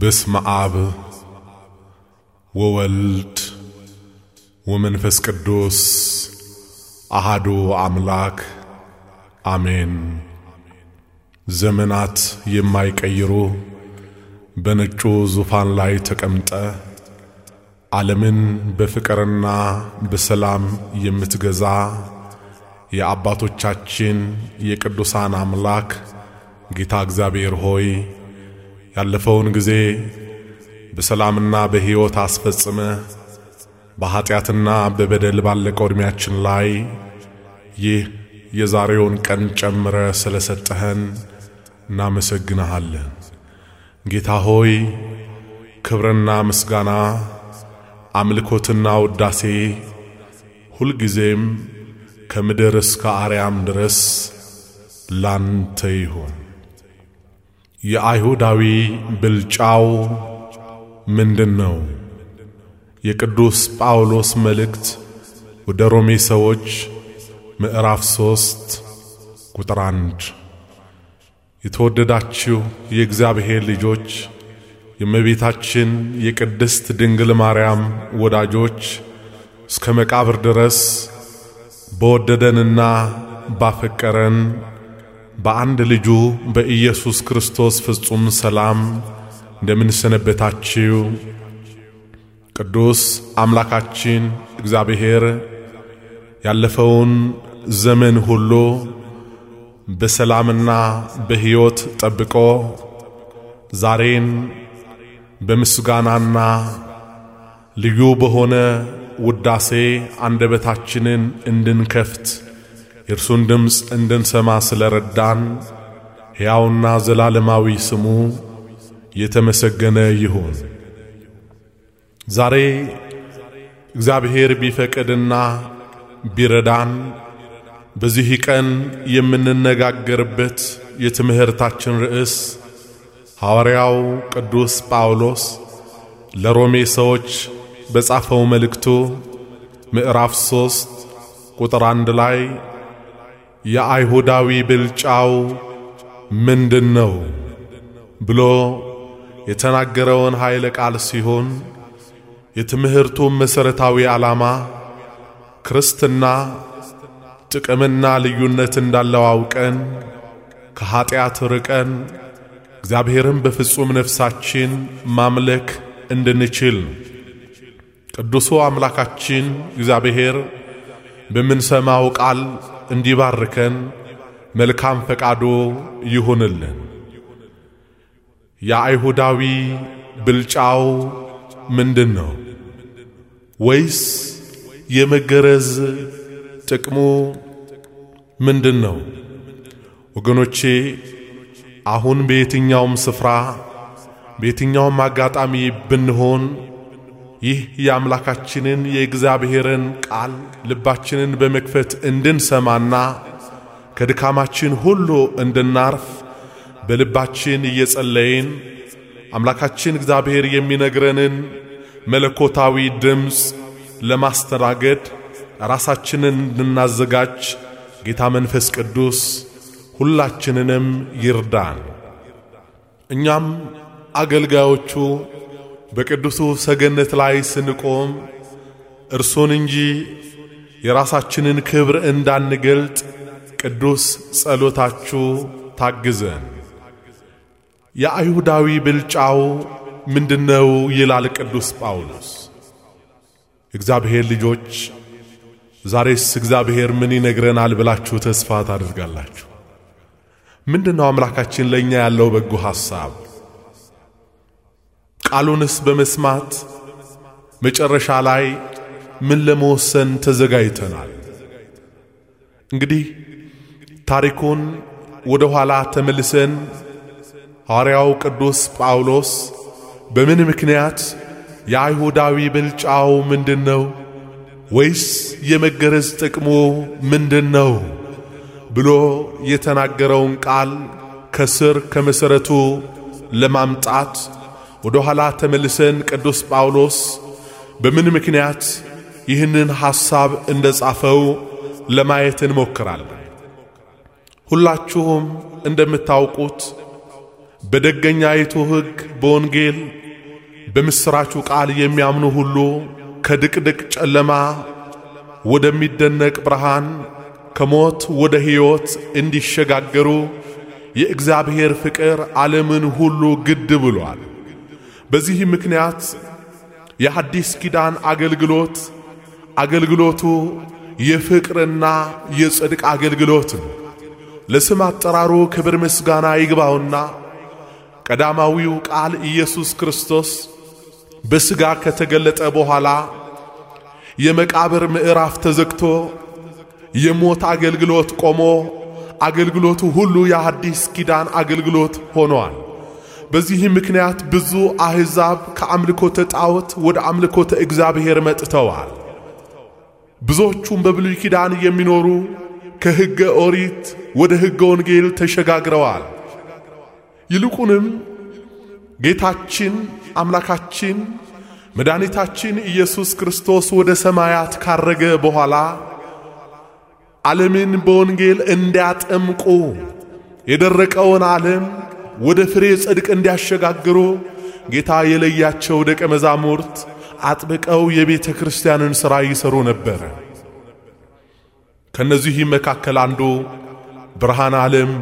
በስመ አብ ወወልድ ወመንፈስ ቅዱስ አሃዱ አምላክ አሜን። ዘመናት የማይቀይሩ በነጩ ዙፋን ላይ ተቀምጠ ዓለምን በፍቅርና በሰላም የምትገዛ የአባቶቻችን የቅዱሳን አምላክ ጌታ እግዚአብሔር ሆይ ያለፈውን ጊዜ በሰላምና በሕይወት አስፈጽመ በኀጢአትና በበደል ባለቀው ዕድሜያችን ላይ ይህ የዛሬውን ቀን ጨምረ ስለ ሰጠኸን እናመሰግንሃለን። ጌታ ሆይ ክብርና ምስጋና አምልኮትና ውዳሴ ሁልጊዜም ከምድር እስከ አርያም ድረስ ላንተ ይሁን። የአይሁዳዊ ብልጫው ምንድን ነው? የቅዱስ ጳውሎስ መልእክት ወደ ሮሜ ሰዎች ምዕራፍ ሶስት ቁጥር አንድ የተወደዳችሁ የእግዚአብሔር ልጆች የእመቤታችን የቅድስት ድንግል ማርያም ወዳጆች እስከ መቃብር ድረስ በወደደንና ባፈቀረን በአንድ ልጁ በኢየሱስ ክርስቶስ ፍጹም ሰላም እንደምንሰነበታችው ቅዱስ አምላካችን እግዚአብሔር ያለፈውን ዘመን ሁሉ በሰላምና በሕይወት ጠብቆ ዛሬን በምስጋናና ልዩ በሆነ ውዳሴ አንደበታችንን እንድንከፍት የእርሱን ድምፅ እንድንሰማ ስለ ረዳን ሕያውና ዘላለማዊ ስሙ የተመሰገነ ይሁን። ዛሬ እግዚአብሔር ቢፈቅድና ቢረዳን በዚህ ቀን የምንነጋገርበት የትምህርታችን ርዕስ ሐዋርያው ቅዱስ ጳውሎስ ለሮሜ ሰዎች በጻፈው መልእክቱ ምዕራፍ ሦስት ቁጥር አንድ ላይ የአይሁዳዊ ብልጫው ምንድን ነው ብሎ የተናገረውን ኃይለ ቃል ሲሆን የትምህርቱ መሠረታዊ ዓላማ ክርስትና ጥቅምና ልዩነት እንዳለው አውቀን ከኀጢአት ርቀን እግዚአብሔርን በፍጹም ነፍሳችን ማምለክ እንድንችል ቅዱሱ አምላካችን እግዚአብሔር በምንሰማው ቃል እንዲባርከን መልካም ፈቃዶ ይሁንልን። የአይሁዳዊ ብልጫው ምንድን ነው? ወይስ የመገረዝ ጥቅሙ ምንድን ነው? ወገኖቼ አሁን በየትኛውም ስፍራ በየትኛውም አጋጣሚ ብንሆን ይህ የአምላካችንን የእግዚአብሔርን ቃል ልባችንን በመክፈት እንድንሰማና ከድካማችን ሁሉ እንድናርፍ በልባችን እየጸለይን አምላካችን እግዚአብሔር የሚነግረንን መለኮታዊ ድምፅ ለማስተናገድ ራሳችንን እንድናዘጋጅ ጌታ መንፈስ ቅዱስ ሁላችንንም ይርዳን። እኛም አገልጋዮቹ በቅዱሱ ሰገነት ላይ ስንቆም እርሱን እንጂ የራሳችንን ክብር እንዳንገልጥ ቅዱስ ጸሎታችሁ ታግዘን። የአይሁዳዊ ብልጫው ምንድነው? ይላል ቅዱስ ጳውሎስ። እግዚአብሔር ልጆች ዛሬስ እግዚአብሔር ምን ይነግረናል ብላችሁ ተስፋ ታደርጋላችሁ? ምንድነው አምላካችን ለእኛ ያለው በጎ ሐሳብ? ቃሉንስ በመስማት መጨረሻ ላይ ምን ለመወሰን ተዘጋጅተናል? እንግዲህ ታሪኩን ወደ ኋላ ተመልሰን ሐዋርያው ቅዱስ ጳውሎስ በምን ምክንያት የአይሁዳዊ ብልጫው ምንድን ነው ወይስ የመገረዝ ጥቅሙ ምንድን ነው ብሎ የተናገረውን ቃል ከስር ከመሠረቱ ለማምጣት ወደ ኋላ ተመልሰን ቅዱስ ጳውሎስ በምን ምክንያት ይህንን ሐሳብ እንደ ጻፈው ለማየት እንሞክራለን። ሁላችሁም እንደምታውቁት በደገኛይቱ ሕግ በወንጌል በምሥራቹ ቃል የሚያምኑ ሁሉ ከድቅድቅ ጨለማ ወደሚደነቅ ብርሃን ከሞት ወደ ሕይወት እንዲሸጋገሩ የእግዚአብሔር ፍቅር ዓለምን ሁሉ ግድ ብሏል። በዚህ ምክንያት የሐዲስ ኪዳን አገልግሎት አገልግሎቱ የፍቅርና የጽድቅ አገልግሎት ነው። ለስም አጠራሩ ክብር ምስጋና ይግባውና ቀዳማዊው ቃል ኢየሱስ ክርስቶስ በሥጋ ከተገለጠ በኋላ የመቃብር ምዕራፍ ተዘግቶ የሞት አገልግሎት ቆሞ አገልግሎቱ ሁሉ የሐዲስ ኪዳን አገልግሎት ሆኗል። በዚህ ምክንያት ብዙ አሕዛብ ከአምልኮተ ጣዖት ወደ አምልኮተ እግዚአብሔር መጥተዋል። ብዙዎቹም በብሉይ ኪዳን የሚኖሩ ከሕገ ኦሪት ወደ ሕገ ወንጌል ተሸጋግረዋል። ይልቁንም ጌታችን አምላካችን መድኃኒታችን ኢየሱስ ክርስቶስ ወደ ሰማያት ካረገ በኋላ ዓለምን በወንጌል እንዲያጠምቁ የደረቀውን ዓለም ወደ ፍሬ ጽድቅ እንዲያሸጋግሩ ጌታ የለያቸው ደቀ መዛሙርት አጥብቀው የቤተ ክርስቲያንን ሥራ ይሠሩ ነበር። ከእነዚህም መካከል አንዱ ብርሃን ዓለም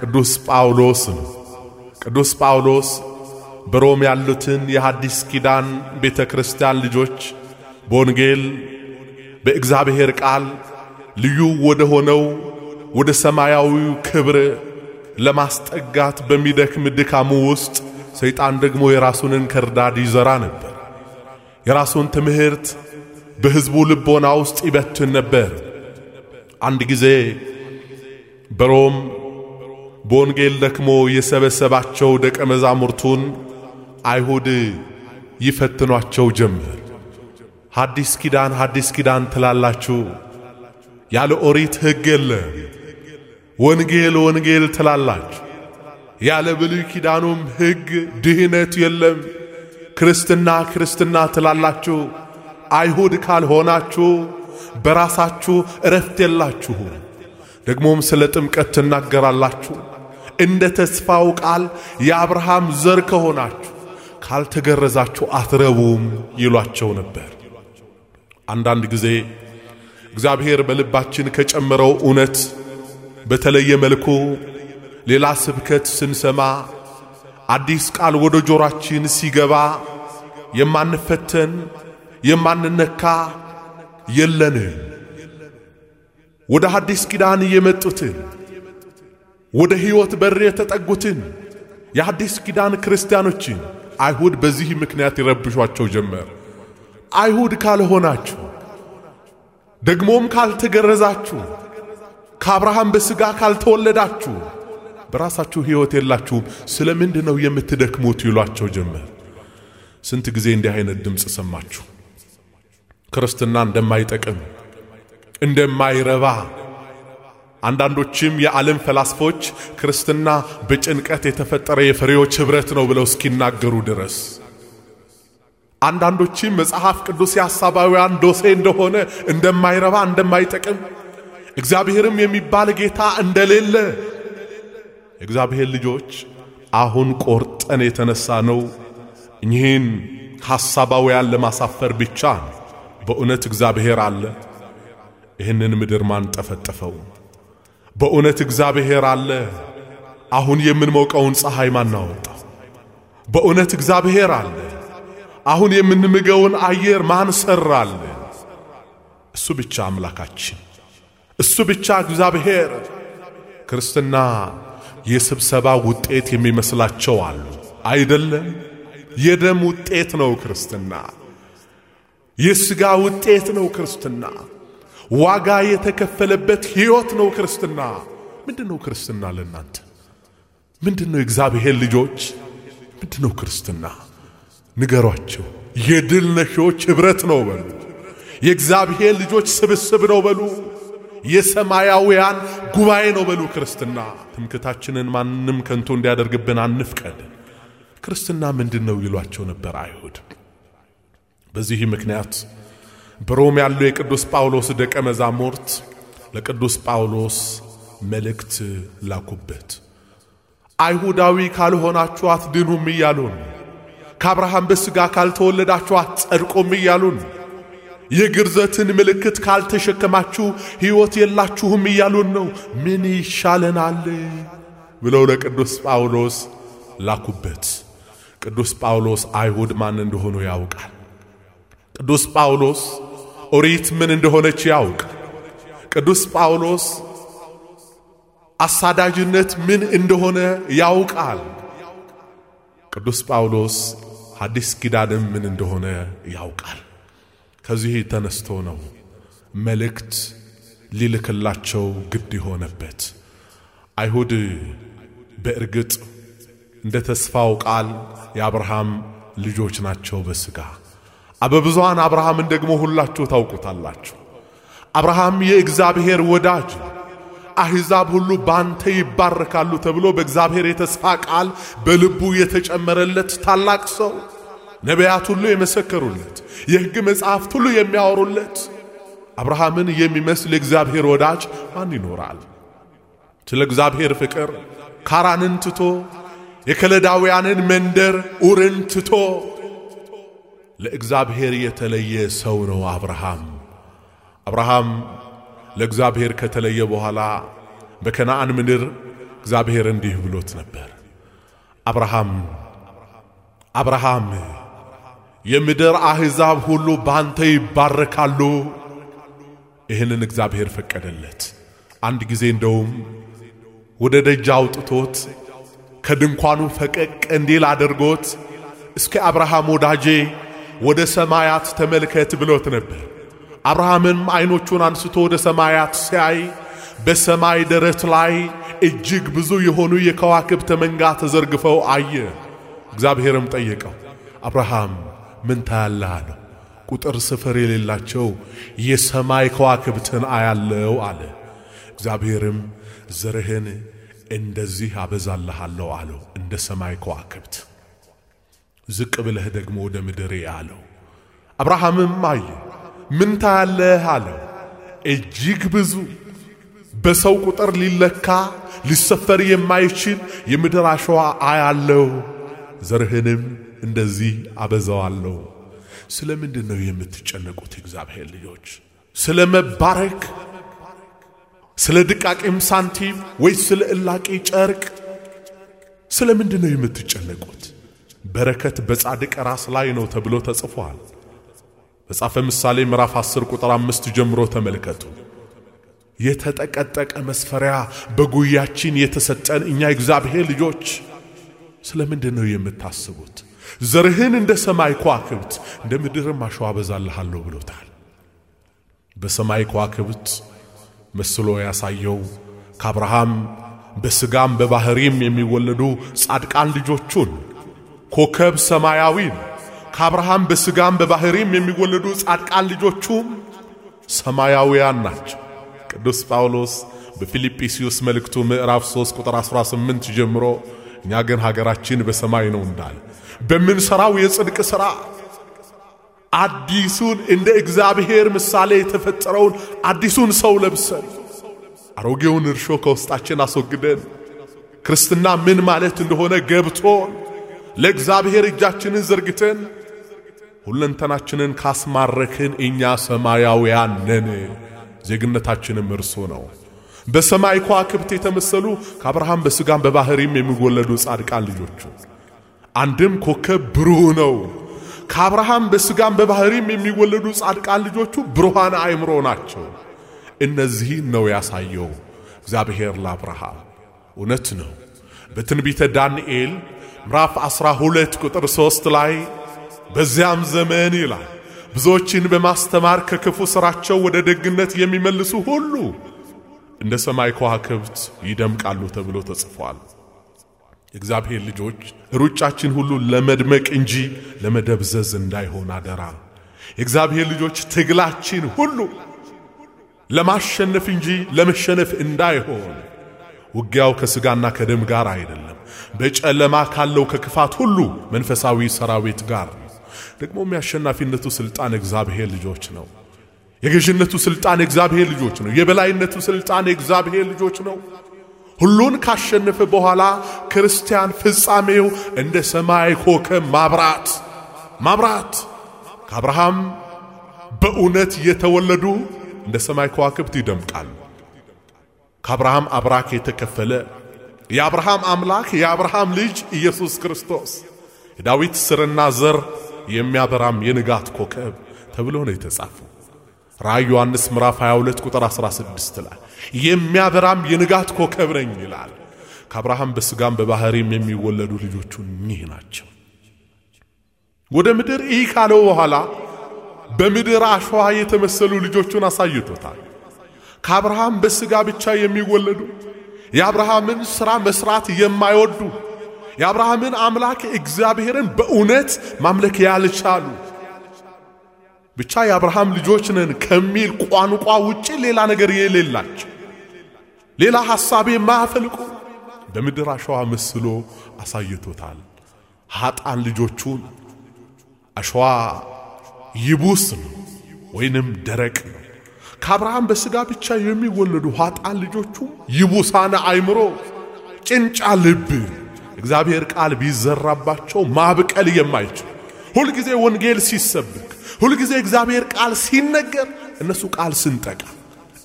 ቅዱስ ጳውሎስ ነው። ቅዱስ ጳውሎስ በሮም ያሉትን የሐዲስ ኪዳን ቤተ ክርስቲያን ልጆች በወንጌል በእግዚአብሔር ቃል ልዩ ወደ ሆነው ወደ ሰማያዊው ክብር ለማስጠጋት በሚደክም ድካሙ ውስጥ ሰይጣን ደግሞ የራሱን እንክርዳድ ይዘራ ነበር። የራሱን ትምህርት በሕዝቡ ልቦና ውስጥ ይበትን ነበር። አንድ ጊዜ በሮም በወንጌል ደክሞ የሰበሰባቸው ደቀ መዛሙርቱን አይሁድ ይፈትኗቸው ጀመር። ሐዲስ ኪዳን ሐዲስ ኪዳን ትላላችሁ፣ ያለ ኦሪት ሕግ የለም ወንጌል ወንጌል ትላላችሁ። ያለ ብሉይ ኪዳኑም ሕግ ድህነት የለም። ክርስትና ክርስትና ትላላችሁ። አይሁድ ካልሆናችሁ በራሳችሁ እረፍት የላችሁ። ደግሞም ስለ ጥምቀት ትናገራላችሁ። እንደ ተስፋው ቃል የአብርሃም ዘር ከሆናችሁ ካልተገረዛችሁ አትረቡም ይሏቸው ነበር። አንዳንድ ጊዜ እግዚአብሔር በልባችን ከጨመረው እውነት በተለየ መልኩ ሌላ ስብከት ስንሰማ አዲስ ቃል ወደ ጆሮአችን ሲገባ የማንፈተን የማንነካ የለንም። ወደ አዲስ ኪዳን የመጡትን ወደ ሕይወት በር የተጠጉትን የአዲስ ኪዳን ክርስቲያኖችን አይሁድ በዚህ ምክንያት ይረብሿቸው ጀመር። አይሁድ ካልሆናችሁ ደግሞም ካልተገረዛችሁ ከአብርሃም በሥጋ ካልተወለዳችሁ በራሳችሁ ሕይወት የላችሁም፣ ስለ ምንድን ነው የምትደክሙት? ይሏቸው ጀመር። ስንት ጊዜ እንዲህ አይነት ድምፅ ሰማችሁ? ክርስትና እንደማይጠቅም እንደማይረባ አንዳንዶችም የዓለም ፈላስፎች ክርስትና በጭንቀት የተፈጠረ የፈሪዎች ኅብረት ነው ብለው እስኪናገሩ ድረስ አንዳንዶችም መጽሐፍ ቅዱስ የሐሳባውያን ዶሴ እንደሆነ እንደማይረባ እንደማይጠቅም እግዚአብሔርም የሚባል ጌታ እንደሌለ እግዚአብሔር ልጆች አሁን ቆርጠን የተነሳ ነው እኚህን ሐሳባውያን ለማሳፈር ብቻ ነው። በእውነት እግዚአብሔር አለ? ይህንን ምድር ማን ጠፈጠፈው? በእውነት እግዚአብሔር አለ? አሁን የምንሞቀውን ፀሐይ ማን አወጣው? በእውነት እግዚአብሔር አለ? አሁን የምንምገውን አየር ማን ሰራለ? እሱ ብቻ አምላካችን እሱ ብቻ እግዚአብሔር። ክርስትና የስብሰባ ውጤት የሚመስላቸው አሉ። አይደለም፣ የደም ውጤት ነው ክርስትና። የሥጋ ውጤት ነው ክርስትና። ዋጋ የተከፈለበት ሕይወት ነው ክርስትና። ምንድን ነው ክርስትና ለእናንተ? ምንድን ነው የእግዚአብሔር ልጆች? ምንድን ነው ክርስትና? ንገሯቸው። የድል ነሺዎች ኅብረት ነው በሉ። የእግዚአብሔር ልጆች ስብስብ ነው በሉ። የሰማያውያን ጉባኤ ነው። በሉ ክርስትና ትምክታችንን ማንም ከንቱ እንዲያደርግብን አንፍቀድ። ክርስትና ምንድን ነው ይሏቸው ነበር አይሁድ። በዚህ ምክንያት በሮም ያለው የቅዱስ ጳውሎስ ደቀ መዛሙርት ለቅዱስ ጳውሎስ መልእክት ላኩበት። አይሁዳዊ ካልሆናችሁ አትድኑም እያሉን፣ ከአብርሃም በሥጋ ካልተወለዳችሁ አትጸድቁም እያሉን የግርዘትን ምልክት ካልተሸከማችሁ ሕይወት የላችሁም እያሉን ነው። ምን ይሻለናል ብለው ለቅዱስ ጳውሎስ ላኩበት። ቅዱስ ጳውሎስ አይሁድ ማን እንደሆኑ ያውቃል። ቅዱስ ጳውሎስ ኦሪት ምን እንደሆነች ያውቅ? ቅዱስ ጳውሎስ አሳዳጅነት ምን እንደሆነ ያውቃል። ቅዱስ ጳውሎስ ሐዲስ ኪዳንም ምን እንደሆነ ያውቃል። ከዚህ ተነስቶ ነው መልእክት ሊልክላቸው ግድ የሆነበት። አይሁድ በእርግጥ እንደ ተስፋው ቃል የአብርሃም ልጆች ናቸው በሥጋ አበብዙሐን አብርሃምን ደግሞ ሁላችሁ ታውቁታላችሁ። አብርሃም የእግዚአብሔር ወዳጅ አሕዛብ ሁሉ ባንተ ይባረካሉ ተብሎ በእግዚአብሔር የተስፋ ቃል በልቡ የተጨመረለት ታላቅ ሰው ነቢያት ሁሉ የመሰከሩለት፣ የሕግ መጽሐፍት ሁሉ የሚያወሩለት አብርሃምን የሚመስል እግዚአብሔር ወዳጅ ማን ይኖራል? ስለ እግዚአብሔር ፍቅር ካራንን ትቶ የከለዳውያንን መንደር ኡርን ትቶ ለእግዚአብሔር የተለየ ሰው ነው አብርሃም። አብርሃም ለእግዚአብሔር ከተለየ በኋላ በከነአን ምድር እግዚአብሔር እንዲህ ብሎት ነበር። አብርሃም አብርሃም የምድር አሕዛብ ሁሉ ባንተ ይባረካሉ። ይህንን እግዚአብሔር ፈቀደለት። አንድ ጊዜ እንደውም ወደ ደጅ አውጥቶት ከድንኳኑ ፈቀቅ እንዲል አድርጎት እስከ አብርሃም ወዳጄ ወደ ሰማያት ተመልከት ብሎት ነበር። አብርሃምም ዐይኖቹን አንስቶ ወደ ሰማያት ሲያይ በሰማይ ደረት ላይ እጅግ ብዙ የሆኑ የከዋክብት መንጋ ተዘርግፈው አየ። እግዚአብሔርም ጠየቀው አብርሃም ምን ታያለህ አለው። ቁጥር ስፍር የሌላቸው የሰማይ ከዋክብትን አያለው አለ። እግዚአብሔርም ዘርህን እንደዚህ አበዛልሃለሁ አለው፣ እንደ ሰማይ ከዋክብት። ዝቅ ብለህ ደግሞ ወደ ምድር አለው። አብርሃምም አየ። ምን ታያለህ አለው። እጅግ ብዙ በሰው ቁጥር ሊለካ ሊሰፈር የማይችል የምድር አሸዋ አያለው ዘርህንም እንደዚህ አበዛዋለሁ። ስለ ምንድን ነው የምትጨነቁት እግዚአብሔር ልጆች? ስለ መባረክ፣ ስለ ድቃቄም ሳንቲም ወይስ ስለ እላቂ ጨርቅ? ስለ ምንድን ነው የምትጨነቁት? በረከት በጻድቅ ራስ ላይ ነው ተብሎ ተጽፏል። መጽሐፈ ምሳሌ ምዕራፍ 10 ቁጥር 5 ጀምሮ ተመልከቱ። የተጠቀጠቀ መስፈሪያ በጉያችን የተሰጠን እኛ እግዚአብሔር ልጆች ምንድን ነው የምታስቡት? ዘርህን እንደ ሰማይ ከዋክብት እንደ ምድርም አሸዋ አበዛልሃለሁ ብሎታል። በሰማይ ከዋክብት መስሎ ያሳየው ከአብርሃም በሥጋም በባሕሪም የሚወለዱ ጻድቃን ልጆቹን ኮከብ ሰማያዊን ከአብርሃም በሥጋም በባሕሪም የሚወለዱ ጻድቃን ልጆቹም ሰማያውያን ናቸው። ቅዱስ ጳውሎስ በፊልጵስዩስ መልእክቱ ምዕራፍ 3 ቁጥር 18 ጀምሮ እኛ ግን ሀገራችን በሰማይ ነው እንዳል በምንሰራው የጽድቅ ሥራ አዲሱን እንደ እግዚአብሔር ምሳሌ የተፈጠረውን አዲሱን ሰው ለብሰን አሮጌውን እርሾ ከውስጣችን አስወግደን ክርስትና ምን ማለት እንደሆነ ገብቶን ለእግዚአብሔር እጃችንን ዘርግተን ሁለንተናችንን ካስማረክን እኛ ሰማያውያን ነን። ዜግነታችንም እርሱ ነው። በሰማይ ከዋክብት የተመሰሉ ከአብርሃም በስጋም በባህሪም የሚወለዱ ጻድቃን ልጆቹ አንድም ኮከብ ብሩህ ነው። ከአብርሃም በስጋም በባህሪም የሚወለዱ ጻድቃን ልጆቹ ብሩሃን አእምሮ ናቸው። እነዚህን ነው ያሳየው እግዚአብሔር ለአብርሃም። እውነት ነው። በትንቢተ ዳንኤል ምዕራፍ 12 ቁጥር 3 ላይ በዚያም ዘመን ይላል ብዙዎችን በማስተማር ከክፉ ሥራቸው ወደ ደግነት የሚመልሱ ሁሉ እንደ ሰማይ ከዋክብት ይደምቃሉ ተብሎ ተጽፏል። የእግዚአብሔር ልጆች ሩጫችን ሁሉ ለመድመቅ እንጂ ለመደብዘዝ እንዳይሆን አደራ። የእግዚአብሔር ልጆች ትግላችን ሁሉ ለማሸነፍ እንጂ ለመሸነፍ እንዳይሆን። ውጊያው ከስጋና ከደም ጋር አይደለም፣ በጨለማ ካለው ከክፋት ሁሉ መንፈሳዊ ሰራዊት ጋር ነው። ደግሞም የአሸናፊነቱ ሥልጣን እግዚአብሔር ልጆች ነው። የገዥነቱ ስልጣን የእግዚአብሔር ልጆች ነው። የበላይነቱ ስልጣን የእግዚአብሔር ልጆች ነው። ሁሉን ካሸነፈ በኋላ ክርስቲያን ፍጻሜው እንደ ሰማይ ኮከብ ማብራት ማብራት ከአብርሃም በእውነት የተወለዱ እንደ ሰማይ ከዋክብት ይደምቃል። ከአብርሃም አብራክ የተከፈለ የአብርሃም አምላክ የአብርሃም ልጅ ኢየሱስ ክርስቶስ የዳዊት ስርና ዘር የሚያበራም የንጋት ኮከብ ተብሎ ነው የተጻፈው። ራእይ ዮሐንስ ምዕራፍ 22 ቁጥር 16 ላይ የሚያበራም የንጋት ኮከብ ነኝ ይላል። ከአብርሃም በስጋም በባህሪም የሚወለዱ ልጆቹ እኒህ ናቸው። ወደ ምድር ይህ ካለው በኋላ በምድር አሸዋ የተመሰሉ ልጆቹን አሳይቶታል። ከአብርሃም በስጋ ብቻ የሚወለዱ የአብርሃምን ሥራ መሥራት የማይወዱ የአብርሃምን አምላክ እግዚአብሔርን በእውነት ማምለክ ያልቻሉ ብቻ የአብርሃም ልጆች ነን ከሚል ቋንቋ ውጪ ሌላ ነገር የሌላቸው ሌላ ሐሳብ የማያፈልቁ በምድር አሸዋ መስሎ አሳይቶታል። ኀጣን ልጆቹን አሸዋ ይቡስ ነው ወይንም ደረቅ ነው። ከአብርሃም በሥጋ ብቻ የሚወለዱ ኀጣን ልጆቹ ይቡሳነ አይምሮ፣ ጭንጫ ልብ እግዚአብሔር ቃል ቢዘራባቸው ማብቀል የማይችል ሁልጊዜ ወንጌል ሲሰብክ ሁልጊዜ እግዚአብሔር ቃል ሲነገር እነሱ ቃል ስንጠቃ፣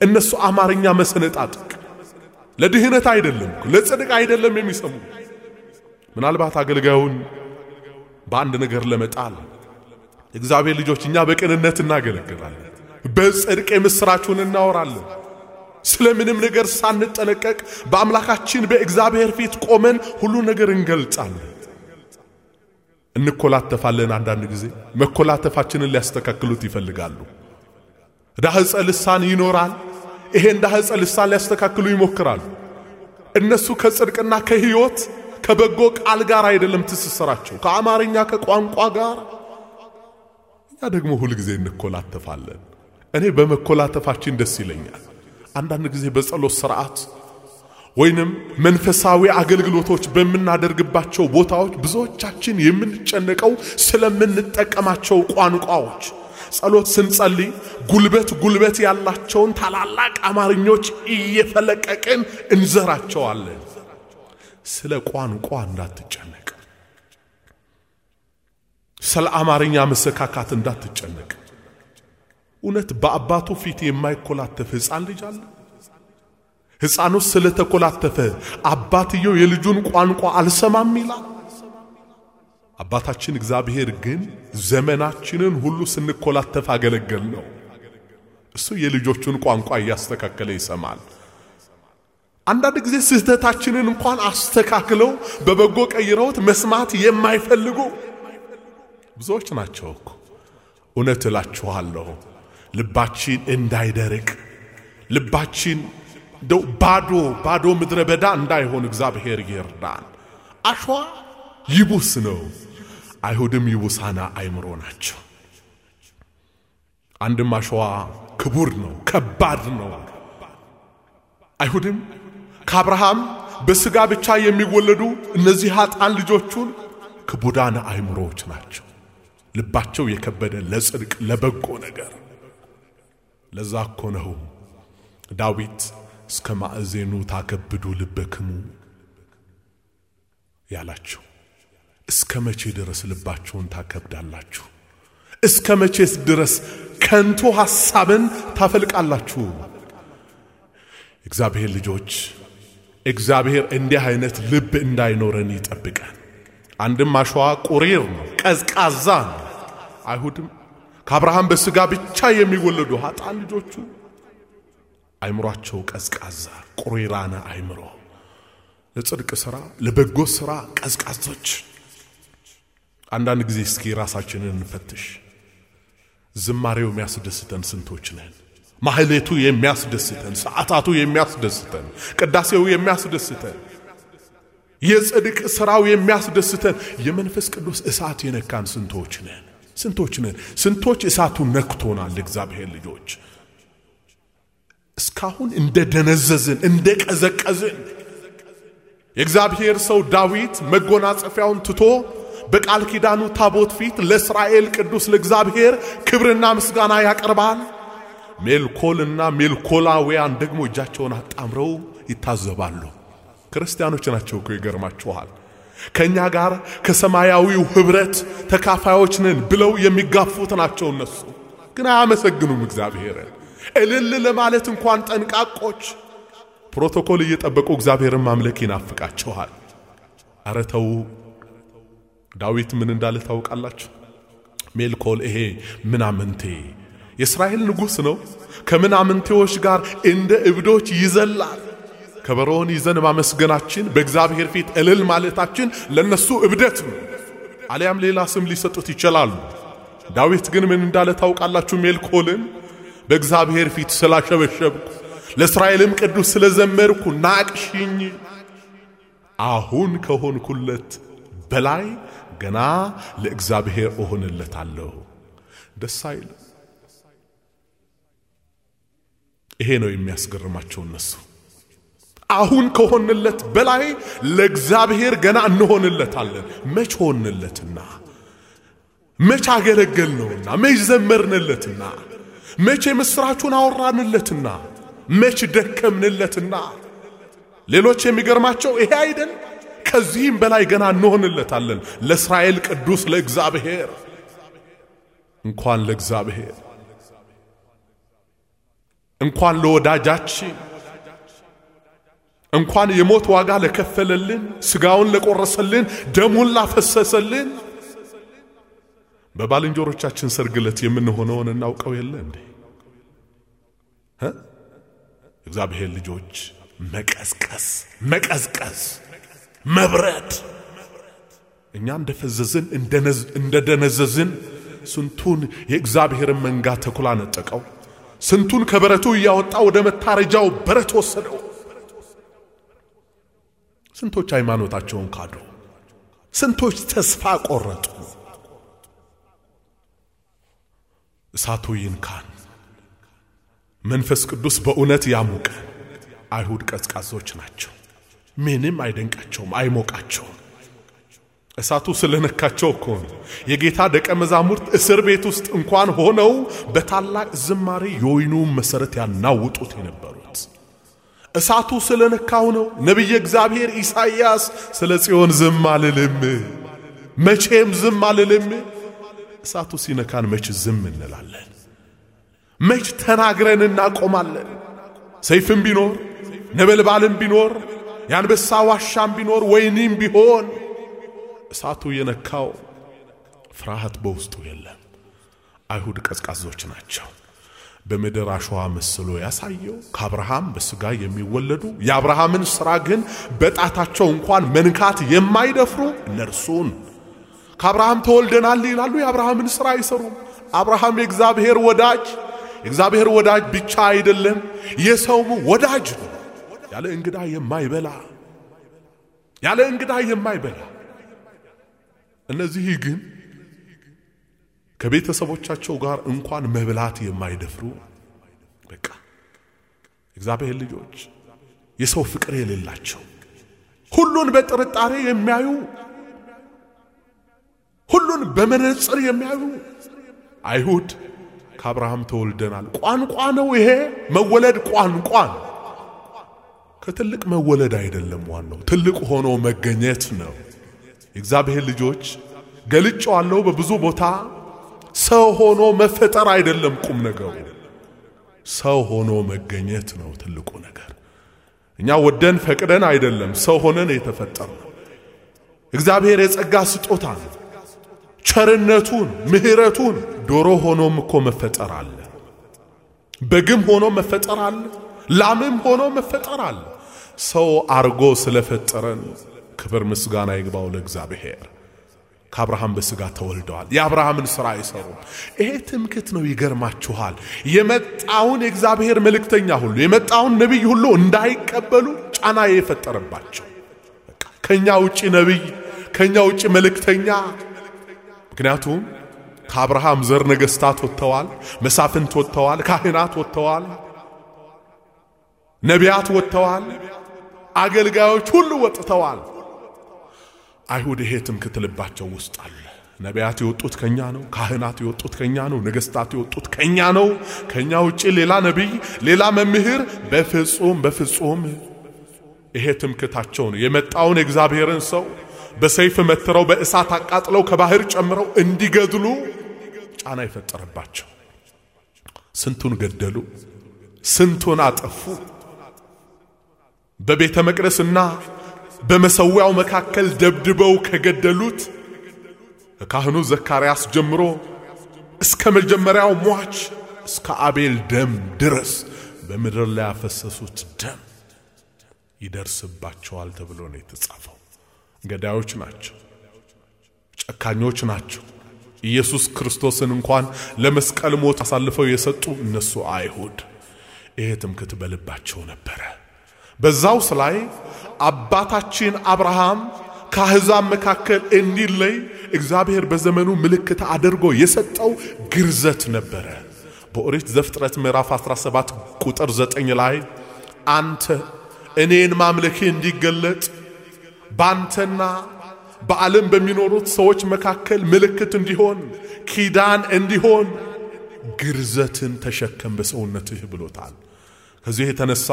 እነሱ አማርኛ መሰነጣጥቅ ለድህነት አይደለም፣ ለጽድቅ አይደለም የሚሰሙ ምናልባት አገልጋዩን በአንድ ነገር ለመጣል እግዚአብሔር ልጆች እኛ በቅንነት እናገለግላለን፣ በጽድቅ የምሥራችሁን እናወራለን። ስለ ምንም ነገር ሳንጠነቀቅ በአምላካችን በእግዚአብሔር ፊት ቆመን ሁሉ ነገር እንገልጻለን። እንኮላተፋለን። አንዳንድ ጊዜ መኮላተፋችንን ሊያስተካክሉት ይፈልጋሉ። ዳህጸ ልሳን ይኖራል። ይሄን ዳህጸ ልሳን ሊያስተካክሉ ይሞክራሉ። እነሱ ከጽድቅና ከህይወት ከበጎ ቃል ጋር አይደለም ትስስራቸው፣ ከአማርኛ ከቋንቋ ጋር። እኛ ደግሞ ሁልጊዜ እንኮላተፋለን። እኔ በመኮላተፋችን ደስ ይለኛል። አንዳንድ ጊዜ በጸሎት ስርዓት ወይንም መንፈሳዊ አገልግሎቶች በምናደርግባቸው ቦታዎች ብዙዎቻችን የምንጨነቀው ስለምንጠቀማቸው ቋንቋዎች ጸሎት ስንጸልይ ጉልበት ጉልበት ያላቸውን ታላላቅ አማርኞች እየፈለቀቅን እንዘራቸዋለን። ስለ ቋንቋ እንዳትጨነቅ፣ ስለ አማርኛ መሰካካት እንዳትጨነቅ። እውነት በአባቱ ፊት የማይኮላተፍ ሕፃን ልጅ አለ? ሕፃኑ ስለተኮላተፈ አባትየው የልጁን ቋንቋ አልሰማም ይላል። አባታችን እግዚአብሔር ግን ዘመናችንን ሁሉ ስንኮላተፍ አገለገል ነው። እሱ የልጆቹን ቋንቋ እያስተካከለ ይሰማል። አንዳንድ ጊዜ ስህተታችንን እንኳን አስተካክለው በበጎ ቀይረውት መስማት የማይፈልጉ ብዙዎች ናቸው እኮ። እውነት እላችኋለሁ ልባችን እንዳይደርቅ ልባችን እንደው ባዶ ባዶ ምድረ በዳ እንዳይሆን እግዚአብሔር ይርዳን። አሸዋ ይቡስ ነው፣ አይሁድም ይቡሳና አይምሮ ናቸው። አንድም አሸዋ ክቡር ነው፣ ከባድ ነው። አይሁድም ከአብርሃም በሥጋ ብቻ የሚወለዱ እነዚህ ኃጣን ልጆቹን ክቡዳን አይምሮዎች ናቸው። ልባቸው የከበደ ለጽድቅ ለበጎ ነገር። ለዛ እኮ ነው ዳዊት እስከ ማዕዜኑ ታከብዱ ልበክሙ ያላችሁ እስከ መቼ ድረስ ልባችሁን ታከብዳላችሁ? እስከ መቼስ ድረስ ከንቱ ሐሳብን ታፈልቃላችሁ? እግዚአብሔር ልጆች፣ እግዚአብሔር እንዲህ አይነት ልብ እንዳይኖረን ይጠብቀን። አንድም አሸዋ ቁሪር ነው፣ ቀዝቃዛ ነው። አይሁድም ከአብርሃም በሥጋ ብቻ የሚወለዱ ኃጣን ልጆቹ አይምሯቸው ቀዝቃዛ ቁሪራና አይምሮ ለጽድቅ ሥራ ለበጎ ሥራ ቀዝቃዞች። አንዳንድ ጊዜ እስኪ ራሳችንን እንፈትሽ። ዝማሬው የሚያስደስተን ስንቶች ነን? ማህሌቱ የሚያስደስተን፣ ሰዓታቱ የሚያስደስተን፣ ቅዳሴው የሚያስደስተን፣ የጽድቅ ሥራው የሚያስደስተን የመንፈስ ቅዱስ እሳት የነካን ስንቶች ነን? ስንቶች ነን? ስንቶች እሳቱ ነክቶናል? እግዚአብሔር ልጆች እስካሁን እንደደነዘዝን እንደቀዘቀዝን የእግዚአብሔር ሰው ዳዊት መጎናጸፊያውን ትቶ በቃል ኪዳኑ ታቦት ፊት ለእስራኤል ቅዱስ ለእግዚአብሔር ክብርና ምስጋና ያቀርባል። ሜልኮልና ሜልኮላውያን ደግሞ እጃቸውን አጣምረው ይታዘባሉ። ክርስቲያኖች ናቸው እኮ ይገርማችኋል። ከእኛ ጋር ከሰማያዊው ኅብረት ተካፋዮች ነን ብለው የሚጋፉት ናቸው። እነሱ ግን አያመሰግኑም እግዚአብሔርን። እልል ለማለት እንኳን ጠንቃቆች ፕሮቶኮል እየጠበቁ እግዚአብሔርን ማምለክ ይናፍቃቸዋል። አረ ተው። ዳዊት ምን እንዳለ ታውቃላችሁ? ሜልኮል ይሄ ምናምንቴ የእስራኤል ንጉሥ ነው። ከምናምንቴዎች ጋር እንደ እብዶች ይዘላል። ከበሮውን ይዘን ማመስገናችን፣ በእግዚአብሔር ፊት እልል ማለታችን ለነሱ እብደት ነው፣ አሊያም ሌላ ስም ሊሰጡት ይችላሉ። ዳዊት ግን ምን እንዳለ ታውቃላችሁ? ሜልኮልን በእግዚአብሔር ፊት ስላሸበሸብኩ ለእስራኤልም ቅዱስ ስለዘመርኩ ናቅሽኝ። አሁን ከሆንኩለት በላይ ገና ለእግዚአብሔር እሆንለታለሁ። ደስ አይል። ይሄ ነው የሚያስገርማቸው እነሱ። አሁን ከሆንለት በላይ ለእግዚአብሔር ገና እንሆንለታለን። መች ሆንለትና መች አገለገልነውና መች ዘመርንለትና መቼ ምስራቹን አወራንለትና መች ደከምንለትና። ሌሎች የሚገርማቸው ይሄ አይደል። ከዚህም በላይ ገና እንሆንለታለን ለእስራኤል ቅዱስ ለእግዚአብሔር። እንኳን ለእግዚአብሔር እንኳን ለወዳጃችን እንኳን የሞት ዋጋ ለከፈለልን፣ ስጋውን ለቆረሰልን፣ ደሙን ላፈሰሰልን በባልንጀሮቻችን ሰርግ ዕለት የምንሆነውን እናውቀው የለ እንዴ? እግዚአብሔር ልጆች መቀዝቀዝ መቀዝቀዝ መብረድ እኛ እንደፈዘዝን እንደደነዘዝን ስንቱን የእግዚአብሔርን መንጋ ተኩላ ነጠቀው። ስንቱን ከበረቱ እያወጣ ወደ መታረጃው በረት ወሰደው። ስንቶች ሃይማኖታቸውን ካዱ። ስንቶች ተስፋ ቆረጡ። እሳቱ ይንካን። መንፈስ ቅዱስ በእውነት ያሙቀን። አይሁድ ቀዝቃዞች ናቸው። ምንም አይደንቃቸውም፣ አይሞቃቸውም። እሳቱ ስለነካቸው እኮ ነው የጌታ ደቀ መዛሙርት እስር ቤት ውስጥ እንኳን ሆነው በታላቅ ዝማሬ የወይኑን መሠረት ያናውጡት የነበሩት። እሳቱ ስለነካው ነው ነቢየ እግዚአብሔር ኢሳይያስ ስለ ጽዮን ዝም አልልም፣ መቼም ዝም አልልም እሳቱ ሲነካን መች ዝም እንላለን? መች ተናግረን እናቆማለን? ሰይፍም ቢኖር ነበልባልም ቢኖር የአንበሳ ዋሻም ቢኖር ወይኒም ቢሆን እሳቱ የነካው ፍርሃት በውስጡ የለም። አይሁድ ቀዝቃዞች ናቸው። በምድር አሸዋ መስሎ ያሳየው ከአብርሃም በሥጋ የሚወለዱ የአብርሃምን ሥራ ግን በጣታቸው እንኳን መንካት የማይደፍሩ እነርሱን ከአብርሃም ተወልደናል ይላሉ። የአብርሃምን ሥራ አይሰሩም። አብርሃም የእግዚአብሔር ወዳጅ የእግዚአብሔር ወዳጅ ብቻ አይደለም፣ የሰውም ወዳጅ ነው። ያለ እንግዳ የማይበላ ያለ እንግዳ የማይበላ እነዚህ ግን ከቤተሰቦቻቸው ጋር እንኳን መብላት የማይደፍሩ በቃ እግዚአብሔር ልጆች የሰው ፍቅር የሌላቸው ሁሉን በጥርጣሬ የሚያዩ ሁሉን በመነጽር የሚያዩ አይሁድ ከአብርሃም ተወልደናል። ቋንቋ ነው ይሄ መወለድ፣ ቋንቋ ነው። ከትልቅ መወለድ አይደለም ዋናው፣ ትልቅ ሆኖ መገኘት ነው። የእግዚአብሔር ልጆች ገልጫዋለሁ በብዙ ቦታ። ሰው ሆኖ መፈጠር አይደለም ቁም ነገሩ፣ ሰው ሆኖ መገኘት ነው ትልቁ ነገር። እኛ ወደን ፈቅደን አይደለም ሰው ሆነን የተፈጠርነው። እግዚአብሔር የጸጋ ስጦታ ነው። ቸርነቱን ምሕረቱን ዶሮ ሆኖም እኮ መፈጠር አለ። በግም ሆኖ መፈጠር አለ። ላምም ሆኖ መፈጠር አለ። ሰው አርጎ ስለፈጠረን ክብር ምስጋና ይግባው ለእግዚአብሔር። ከአብርሃም በሥጋ ተወልደዋል። የአብርሃምን ሥራ አይሰሩም። ይሄ ትምክት ነው። ይገርማችኋል። የመጣውን የእግዚአብሔር መልእክተኛ ሁሉ የመጣውን ነቢይ ሁሉ እንዳይቀበሉ ጫና የፈጠረባቸው ከእኛ ውጭ ነቢይ ከእኛ ውጭ መልእክተኛ ምክንያቱም ከአብርሃም ዘር ነገሥታት ወጥተዋል፣ መሳፍንት ወጥተዋል፣ ካህናት ወጥተዋል፣ ነቢያት ወጥተዋል፣ አገልጋዮች ሁሉ ወጥተዋል። አይሁድ ይሄ ክትልባቸው ልባቸው ውስጥ አለ። ነቢያት የወጡት ከኛ ነው። ካህናት የወጡት ከኛ ነው። ነገሥታት የወጡት ከኛ ነው። ከኛ ውጭ ሌላ ነቢይ፣ ሌላ መምህር በፍጹም በፍጹም። ይሄ ትምክታቸው ነው። የመጣውን የእግዚአብሔርን ሰው በሰይፍ መትረው በእሳት አቃጥለው ከባህር ጨምረው እንዲገድሉ ጫና የፈጠረባቸው። ስንቱን ገደሉ፣ ስንቱን አጠፉ። በቤተ መቅደስና በመሰዊያው መካከል ደብድበው ከገደሉት ከካህኑ ዘካርያስ ጀምሮ እስከ መጀመሪያው ሟች እስከ አቤል ደም ድረስ በምድር ላይ ያፈሰሱት ደም ይደርስባቸዋል ተብሎ ነው የተጻፈው። ገዳዮች ናቸው፣ ጨካኞች ናቸው። ኢየሱስ ክርስቶስን እንኳን ለመስቀል ሞት አሳልፈው የሰጡ እነሱ አይሁድ። ይሄ ትምክት በልባቸው ነበረ። በዛውስ ላይ አባታችን አብርሃም ከአሕዛብ መካከል እንዲለይ እግዚአብሔር በዘመኑ ምልክት አድርጎ የሰጠው ግርዘት ነበረ። በኦሪት ዘፍጥረት ምዕራፍ 17 ቁጥር 9 ላይ አንተ እኔን ማምለኬ እንዲገለጥ ባንተና በዓለም በሚኖሩት ሰዎች መካከል ምልክት እንዲሆን ኪዳን እንዲሆን ግርዘትን ተሸከም በሰውነትህ ብሎታል። ከዚህ የተነሳ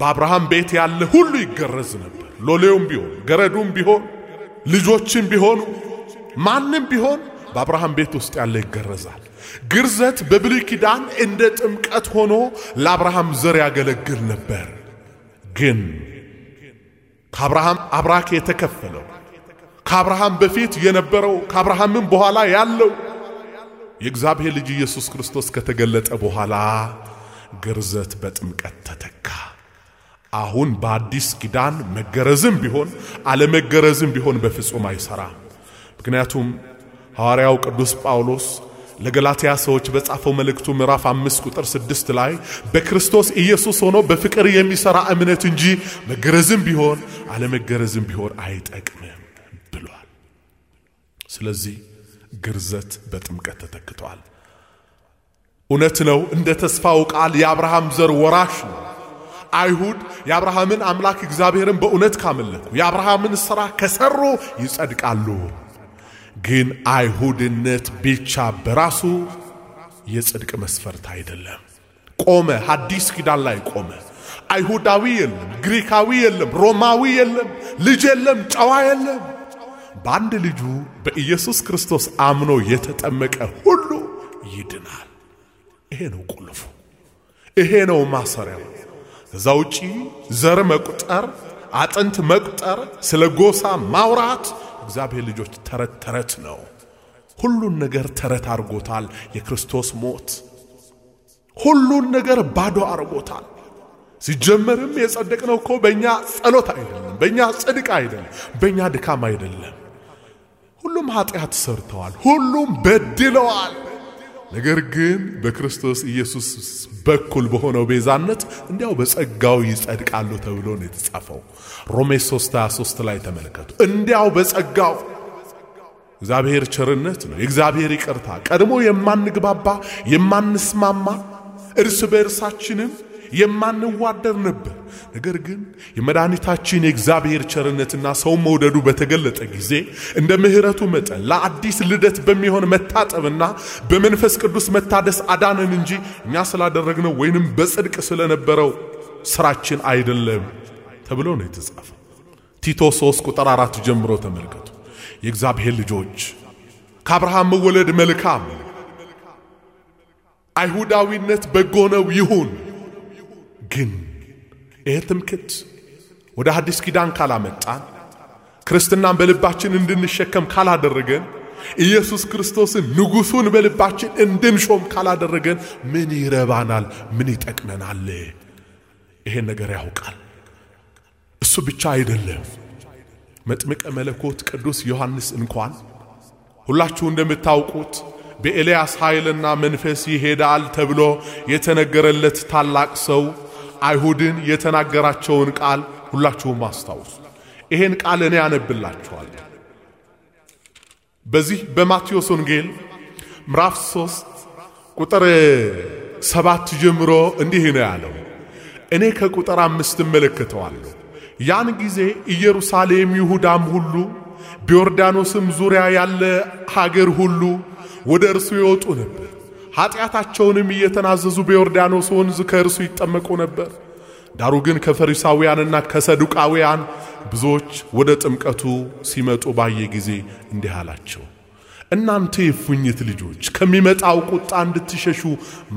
በአብርሃም ቤት ያለ ሁሉ ይገረዝ ነበር። ሎሌውም ቢሆን ገረዱም ቢሆን ልጆችም ቢሆኑ ማንም ቢሆን በአብርሃም ቤት ውስጥ ያለ ይገረዛል። ግርዘት በብሉይ ኪዳን እንደ ጥምቀት ሆኖ ለአብርሃም ዘር ያገለግል ነበር ግን ከአብርሃም አብራክ የተከፈለው ከአብርሃም በፊት የነበረው ከአብርሃምም በኋላ ያለው የእግዚአብሔር ልጅ ኢየሱስ ክርስቶስ ከተገለጠ በኋላ ግርዘት በጥምቀት ተተካ። አሁን በአዲስ ኪዳን መገረዝም ቢሆን አለመገረዝም ቢሆን በፍጹም አይሰራም። ምክንያቱም ሐዋርያው ቅዱስ ጳውሎስ ለገላትያ ሰዎች በጻፈው መልእክቱ ምዕራፍ አምስት ቁጥር ስድስት ላይ በክርስቶስ ኢየሱስ ሆኖ በፍቅር የሚሠራ እምነት እንጂ መገረዝም ቢሆን አለመገረዝም ቢሆን አይጠቅምም ብሏል። ስለዚህ ግርዘት በጥምቀት ተተክቷል። እውነት ነው። እንደ ተስፋው ቃል የአብርሃም ዘር ወራሽ ነው። አይሁድ የአብርሃምን አምላክ እግዚአብሔርን በእውነት ካመለኩ የአብርሃምን ሥራ ከሠሩ ይጸድቃሉ። ግን አይሁድነት ብቻ በራሱ የጽድቅ መስፈርት አይደለም። ቆመ፣ ሐዲስ ኪዳን ላይ ቆመ። አይሁዳዊ የለም፣ ግሪካዊ የለም፣ ሮማዊ የለም፣ ልጅ የለም፣ ጨዋ የለም። በአንድ ልጁ በኢየሱስ ክርስቶስ አምኖ የተጠመቀ ሁሉ ይድናል። ይሄ ነው ቁልፉ፣ ይሄ ነው ማሰሪያው። እዛውጪ ውጪ ዘር መቁጠር፣ አጥንት መቁጠር፣ ስለ ጎሳ ማውራት እግዚአብሔር ልጆች ተረት ተረት ነው። ሁሉን ነገር ተረት አርጎታል። የክርስቶስ ሞት ሁሉን ነገር ባዶ አርጎታል። ሲጀመርም የጸደቅነው እኮ በእኛ ጸሎት አይደለም፣ በእኛ ጽድቅ አይደለም፣ በእኛ ድካም አይደለም። ሁሉም ኃጢአት ሰርተዋል። ሁሉም በድለዋል። ነገር ግን በክርስቶስ ኢየሱስ በኩል በሆነው ቤዛነት እንዲያው በጸጋው ይጸድቃሉ ተብሎ ነው የተጻፈው። ሮሜ 3 23 ላይ ተመልከቱ። እንዲያው በጸጋው እግዚአብሔር ቸርነት ነው። የእግዚአብሔር ይቅርታ ቀድሞ የማንግባባ የማንስማማ እርስ በእርሳችንም የማንዋደር ነበር። ነገር ግን የመድኃኒታችን የእግዚአብሔር ቸርነትና ሰው መውደዱ በተገለጠ ጊዜ እንደ ምሕረቱ መጠን ለአዲስ ልደት በሚሆን መታጠብና በመንፈስ ቅዱስ መታደስ አዳነን እንጂ እኛ ስላደረግነው ወይንም በጽድቅ ስለነበረው ስራችን አይደለም ተብሎ ነው የተጻፈ። ቲቶ 3 ቁጥር 4 ጀምሮ ተመልከቱ። የእግዚአብሔር ልጆች ከአብርሃም መወለድ መልካም አይሁዳዊነት በጎ ነው ይሁን ግን ይህ ትምክት ወደ አዲስ ኪዳን ካላመጣን ክርስትናን በልባችን እንድንሸከም ካላደረገን ኢየሱስ ክርስቶስን ንጉሡን በልባችን እንድንሾም ካላደረገን ምን ይረባናል? ምን ይጠቅመናል? ይሄን ነገር ያውቃል። እሱ ብቻ አይደለም። መጥምቀ መለኮት ቅዱስ ዮሐንስ እንኳን ሁላችሁ እንደምታውቁት በኤልያስ ኃይልና መንፈስ ይሄዳል ተብሎ የተነገረለት ታላቅ ሰው አይሁድን የተናገራቸውን ቃል ሁላችሁም አስታውሱ። ይሄን ቃል እኔ ያነብላችኋለሁ። በዚህ በማቴዎስ ወንጌል ምዕራፍ 3 ቁጥር ሰባት ጀምሮ እንዲህ ነው ያለው። እኔ ከቁጥር አምስት እመለከተዋለሁ። ያን ጊዜ ኢየሩሳሌም፣ ይሁዳም ሁሉ በዮርዳኖስም ዙሪያ ያለ ሀገር ሁሉ ወደ እርሱ ይወጡ ነበር ኀጢአታቸውንም እየተናዘዙ በዮርዳኖስ ወንዝ ከእርሱ ይጠመቁ ነበር። ዳሩ ግን ከፈሪሳውያንና ከሰዱቃውያን ብዙዎች ወደ ጥምቀቱ ሲመጡ ባየ ጊዜ እንዲህ አላቸው፣ እናንተ የፉኝት ልጆች ከሚመጣው ቁጣ እንድትሸሹ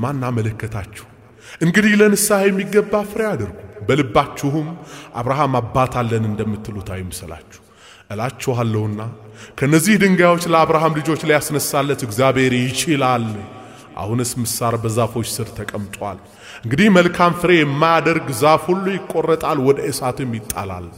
ማን አመለከታችሁ? እንግዲህ ለንስሐ የሚገባ ፍሬ አድርጉ፣ በልባችሁም አብርሃም አባት አለን እንደምትሉት አይምሰላችሁ። እላችኋለሁና ከነዚህ ድንጋዮች ለአብርሃም ልጆች ሊያስነሳለት እግዚአብሔር ይችላል። አሁንስ ምሳር በዛፎች ስር ተቀምጧል። እንግዲህ መልካም ፍሬ የማያደርግ ዛፍ ሁሉ ይቆረጣል፣ ወደ እሳትም ይጣላል።